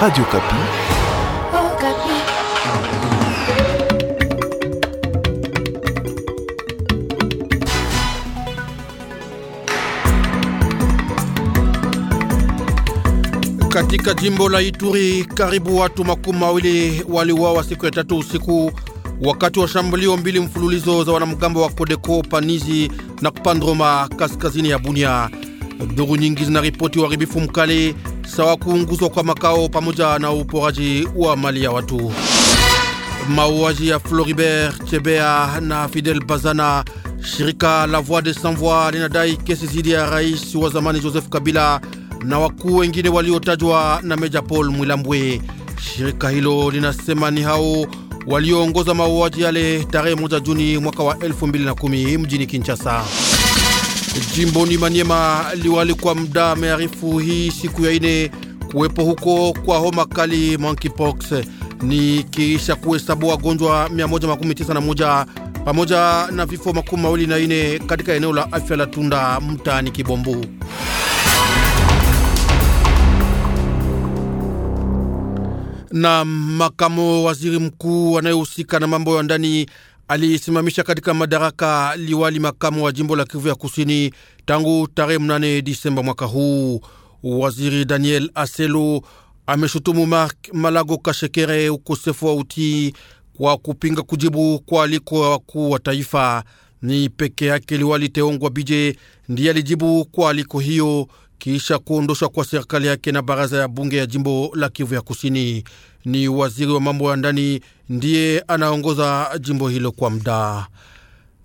Radio Kapi. Oh, Kapi. Katika jimbo la Ituri karibu watu makumi mawili waliuawa siku ya tatu usiku wakati wa shambulio mbili mfululizo za wanamgambo wa Kodeko Panizi na Kupandroma kaskazini ya Bunia. Duru nyingi zinaripoti uharibifu mkali sawa kuunguzwa kwa makao pamoja na uporaji wa mali ya watu. Mauaji ya Floribert Chebea na Fidel Bazana. Shirika la Voix des Sans Voix linadai kesi dhidi ya rais wa zamani Joseph Kabila na wakuu wengine waliotajwa na Meja Paul Mwilambwe. Shirika hilo linasema ni hao walioongoza mauaji yale tarehe 1 Juni mwaka wa 2010 mjini Kinshasa. Jimboni manyema liwali kwa muda amearifu hii siku ya ine kuwepo huko kwa homa kali monkeypox, ni kiisha kuhesabu wagonjwa 191 pamoja na vifo makumi mawili na ine katika eneo la afya la Tunda mtaani Kibombu. Na makamo waziri mkuu anayehusika na mambo ya ndani aliisimamisha katika madaraka liwali makamu wa jimbo la Kivu ya Kusini tangu tarehe mnane Disemba mwaka huu. Waziri Daniel Aselo ameshutumu Mark Malago Kashekere ukosefu wa utii kwa kupinga kujibu kwa aliko ya wakuu wa taifa. Ni peke yake liwali Teongwa Bije ndiye alijibu kwa aliko hiyo kisha kuondoshwa kwa serikali yake na baraza ya bunge ya jimbo la Kivu ya Kusini. Ni waziri wa mambo ya ndani ndiye anaongoza jimbo hilo kwa muda.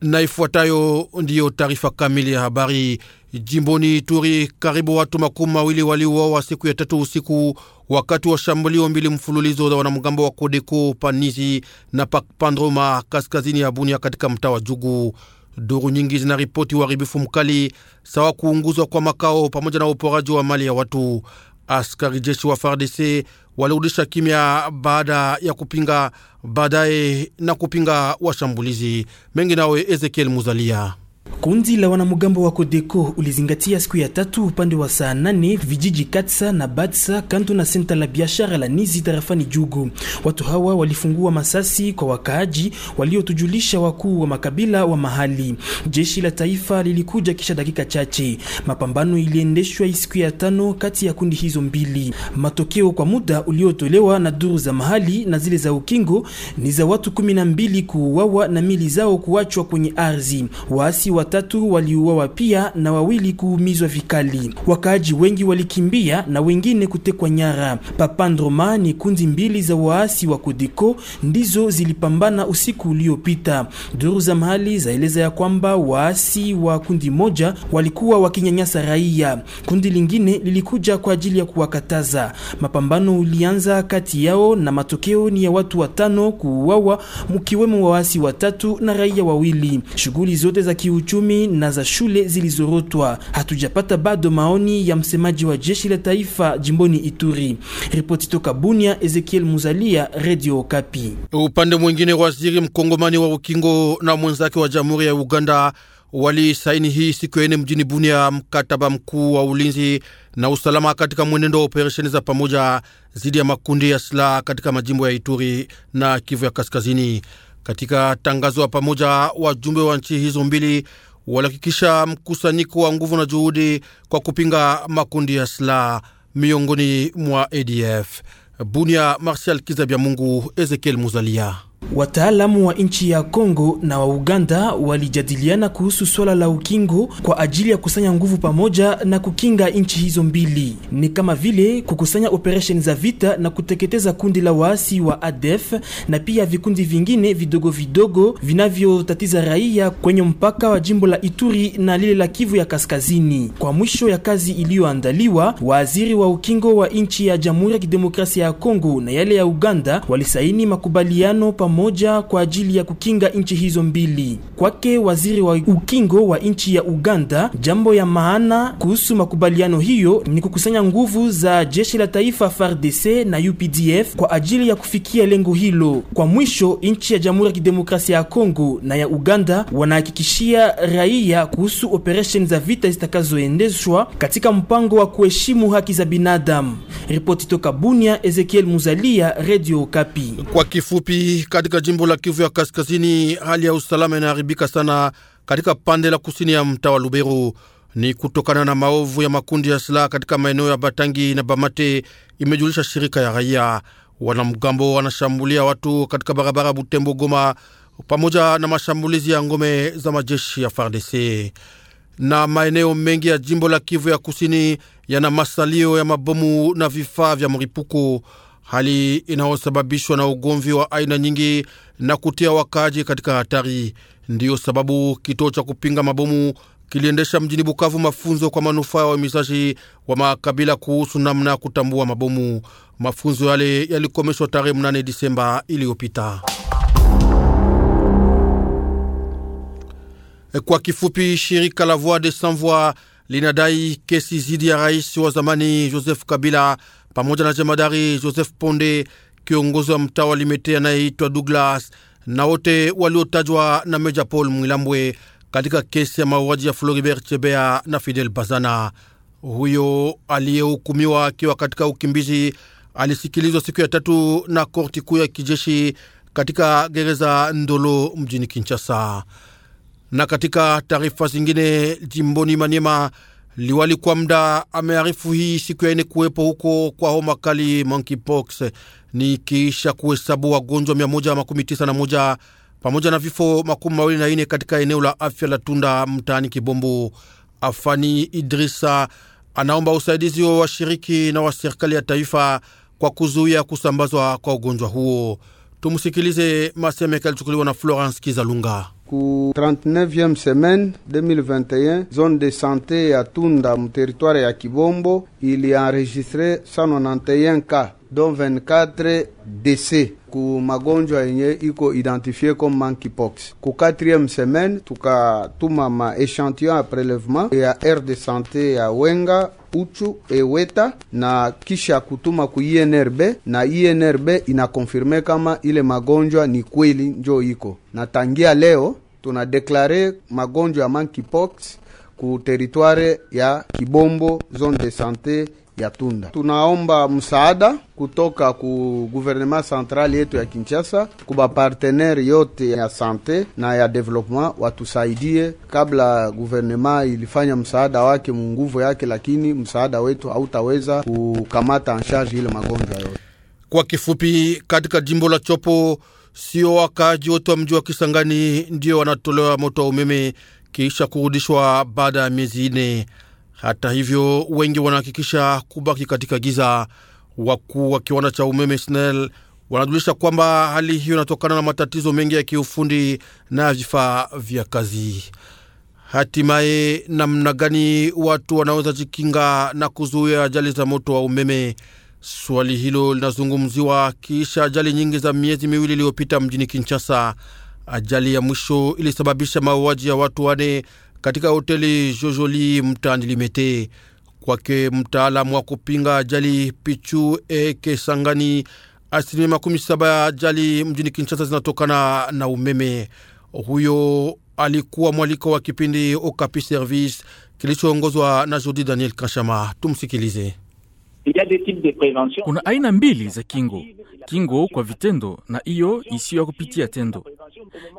Na ifuatayo ndiyo taarifa kamili ya habari. Jimboni Ituri, karibu watu makumi mawili waliuawa siku ya tatu usiku wakati wa shambulio mbili mfululizo za wanamgambo wa Kodeko Panizi na Pandroma kaskazini ya Bunia katika mtaa wa Jugu. Duru nyingi zinaripoti uharibifu mkali sawa kuunguzwa kwa makao pamoja na uporaji wa mali ya watu. Askari jeshi wa FARDC walirudisha kimya baada ya kupinga baadaye na kupinga washambulizi mengi. Nawe Ezekiel Muzalia. Kundi la wanamgambo wa Kodeko ulizingatia siku ya tatu upande wa saa nane vijiji Katsa na Batsa kanto na senta la biashara la Nizi tarafani Jugu. Watu hawa walifungua masasi kwa wakaaji waliotujulisha wakuu wa makabila wa mahali. Jeshi la taifa lilikuja kisha dakika chache. Mapambano iliendeshwa siku ya tano kati ya kundi hizo mbili. Matokeo kwa muda uliotolewa na duru za mahali na zile za ukingo ni za watu kumi na mbili kuuawa na mili zao kuachwa kwenye ardhi. Waasi watatu waliuawa pia na wawili kuumizwa vikali. Wakaaji wengi walikimbia na wengine kutekwa nyara. Papandroma ni kundi mbili za waasi wa Kodeko ndizo zilipambana usiku uliopita. Duru za mahali zaeleza ya kwamba waasi wa kundi moja walikuwa wakinyanyasa raia, kundi lingine lilikuja kwa ajili ya kuwakataza. Mapambano ulianza kati yao na matokeo ni ya watu watano kuuawa, mkiwemo waasi watatu na raia wawili. Shughuli zote za kiu kiuchumi na za shule zilizorotwa. Hatujapata bado maoni ya msemaji wa jeshi la taifa jimboni Ituri. Ripoti toka Bunia, Ezekiel Muzalia, Radio Kapi. Upande mwingine, waziri mkongomani wa ukingo na mwenzake wa jamhuri ya Uganda walisaini hii siku ya ine mjini Bunia mkataba mkuu wa ulinzi na usalama katika mwenendo wa operesheni za pamoja dhidi ya makundi ya silaha katika majimbo ya Ituri na Kivu ya Kaskazini. Katika tangazo la pamoja, wajumbe wa nchi hizo mbili walihakikisha mkusanyiko wa nguvu na juhudi kwa kupinga makundi ya silaha miongoni mwa ADF. Bunia, Martial Kizabya Mungu, Ezekiel Muzalia. Wataalamu wa nchi ya Kongo na wa Uganda walijadiliana kuhusu swala la ukingo kwa ajili ya kusanya nguvu pamoja na kukinga nchi hizo mbili, ni kama vile kukusanya operesheni za vita na kuteketeza kundi la waasi wa ADF na pia vikundi vingine vidogo vidogo vinavyotatiza raia kwenye mpaka wa jimbo la Ituri na lile la Kivu ya Kaskazini. Kwa mwisho ya kazi iliyoandaliwa, waziri wa ukingo wa nchi ya Jamhuri ya Kidemokrasia ya Kongo na yale ya Uganda walisaini makubaliano pamoja moja kwa ajili ya kukinga nchi hizo mbili. Kwake waziri wa ukingo wa nchi ya Uganda, jambo ya maana kuhusu makubaliano hiyo ni kukusanya nguvu za jeshi la taifa FARDC na UPDF kwa ajili ya kufikia lengo hilo. Kwa mwisho, nchi ya Jamhuri ya Kidemokrasia ya Kongo na ya Uganda wanahakikishia raia kuhusu operesheni za vita zitakazoendeshwa katika mpango wa kuheshimu haki za binadamu. Ripoti toka Bunia, Ezekiel Muzalia, Radio Kapi. Kwa kifupi katika jimbo la Kivu ya Kaskazini, hali ya usalama inaharibika sana katika pande la kusini ya mtaa wa Luberu. Ni kutokana na maovu ya makundi ya silaha katika maeneo ya Batangi na Bamate, imejulisha shirika ya raia. Wanamgambo wanashambulia watu katika barabara Butembo Goma, pamoja na mashambulizi ya ngome za majeshi ya FARDC na maeneo mengi ya jimbo la Kivu ya kusini yana masalio ya mabomu na vifaa vya mripuko hali inayosababishwa na ugomvi wa aina nyingi na kutia wakaji katika hatari. Ndiyo sababu kituo cha kupinga mabomu kiliendesha mjini Bukavu mafunzo kwa manufaa ya wahimizaji wa makabila kuhusu namna ya kutambua mabomu. Mafunzo yale yalikomeshwa tarehe mnane Disemba iliyopita. Kwa kifupi, shirika la Voix des Sans Voix linadai kesi dhidi ya rais wa zamani Joseph Kabila pamoja na jemadari Joseph Ponde, kiongozi wa mtaa wa Limete anayeitwa Douglas, na wote waliotajwa na Meja Paul Mwilambwe katika kesi ya mauaji ya Floribert Chebea na Fidel Bazana. Huyo aliyehukumiwa akiwa katika ukimbizi alisikilizwa siku ya tatu na korti kuu ya kijeshi katika gereza Ndolo mjini Kinshasa. Na katika taarifa zingine, jimboni Maniema, Liwali kwa mda amearifu hii siku yaine kuwepo huko kwa homa kali monkeypox, ni kiisha kuhesabu wagonjwa 191 pamoja na vifo makumi mawili na ine katika eneo la afya la Tunda mtaani Kibombo. Afani Idrisa anaomba usaidizi wa washiriki na wa serikali ya taifa kwa kuzuia kusambazwa kwa ugonjwa huo. Tumsikilize masemeka alichukuliwa na Florence Kizalunga. ku 39e semaine 2021 zone de santé à Tunda mu territoire à Kibombo il y a enregistré 191 cas dont 24 décès ku magonjwa yenye iko identifié comme monkeypox. 4e semaine tout ma échantillon à prélèvement à aire de santé à Wenga Uchu Eweta na kisha kutuma ku INRB na INRB inakonfirme kama ile magonjwa ni kweli njo iko na tangia leo tunadeklare magonjwa ya monkeypox ku teritware ya Kibombo zone de santé ya Tunda. Tunaomba msaada kutoka ku guvernema central yetu ya Kinshasa, kuba partenere yote ya sante na ya development watusaidie. Kabla guvernema ilifanya msaada wake munguvu yake, lakini msaada wetu hautaweza kukamata charge ile magonjwa yote. Kwa kifupi, katika jimbo la Chopo sio wakaaji wote wa mji wa Kisangani ndiyo wanatolewa moto wa umeme kisha kurudishwa baada ya miezi ine. Hata hivyo, wengi wanahakikisha kubaki katika giza. Wakuu wa kiwanda cha umeme SNEL wanajulisha kwamba hali hiyo inatokana na matatizo mengi ya kiufundi na vifaa vya kazi. Hatimaye, namna gani watu wanaweza jikinga na kuzuia ajali za moto wa umeme? Swali hilo linazungumziwa kisha ajali nyingi za miezi miwili iliyopita mjini Kinshasa. Ajali ya mwisho ilisababisha mauaji ya watu wane katika hoteli Jojoli mtaani Limete. Kwake mtaalamu wa kupinga ajali Pichu Eke Sangani, asilimia makumi saba ya ajali mjini Kinshasa zinatokana na umeme. Huyo alikuwa mwaliko wa kipindi Okapi Service kilichoongozwa na Jordi Daniel Kashama. Tumsikilize. Kuna aina mbili za kingo: kingo kwa vitendo na hiyo isiyo ya kupitia tendo.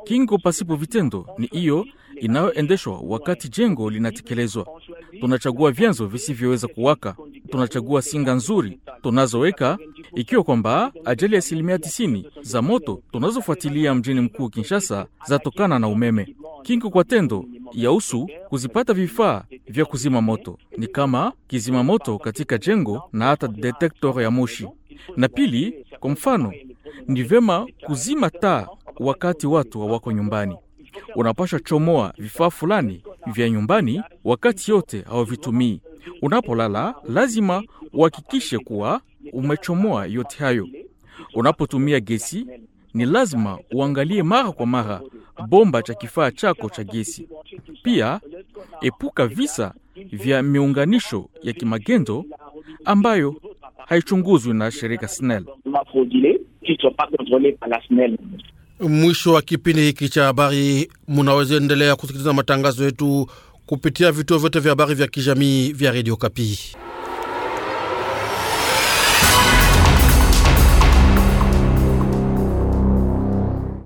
Kingo pasipo vitendo ni hiyo inayoendeshwa wakati jengo linatekelezwa. Tunachagua vyanzo visivyoweza kuwaka, tunachagua singa nzuri tunazoweka, ikiwa kwamba ajali ya asilimia 90 za moto tunazofuatilia mjini mkuu Kinshasa zatokana na umeme. kingi kwa tendo ya usu kuzipata vifaa vya kuzima moto ni kama kizima moto katika jengo na hata detektor ya moshi. Na pili, kwa mfano, ni vema kuzima taa wakati watu hawako nyumbani unapasha chomoa vifaa fulani vya nyumbani wakati yote hawavitumii. Unapolala lazima uhakikishe kuwa umechomoa yote hayo. Unapotumia gesi, ni lazima uangalie mara kwa mara bomba cha kifaa chako cha gesi. Pia epuka visa vya miunganisho ya kimagendo ambayo haichunguzwi na shirika SNEL. Mwisho wa kipindi hiki cha habari, munaweza endelea kusikiliza matangazo yetu kupitia vituo vyote vya habari vya kijamii vya redio Kapi.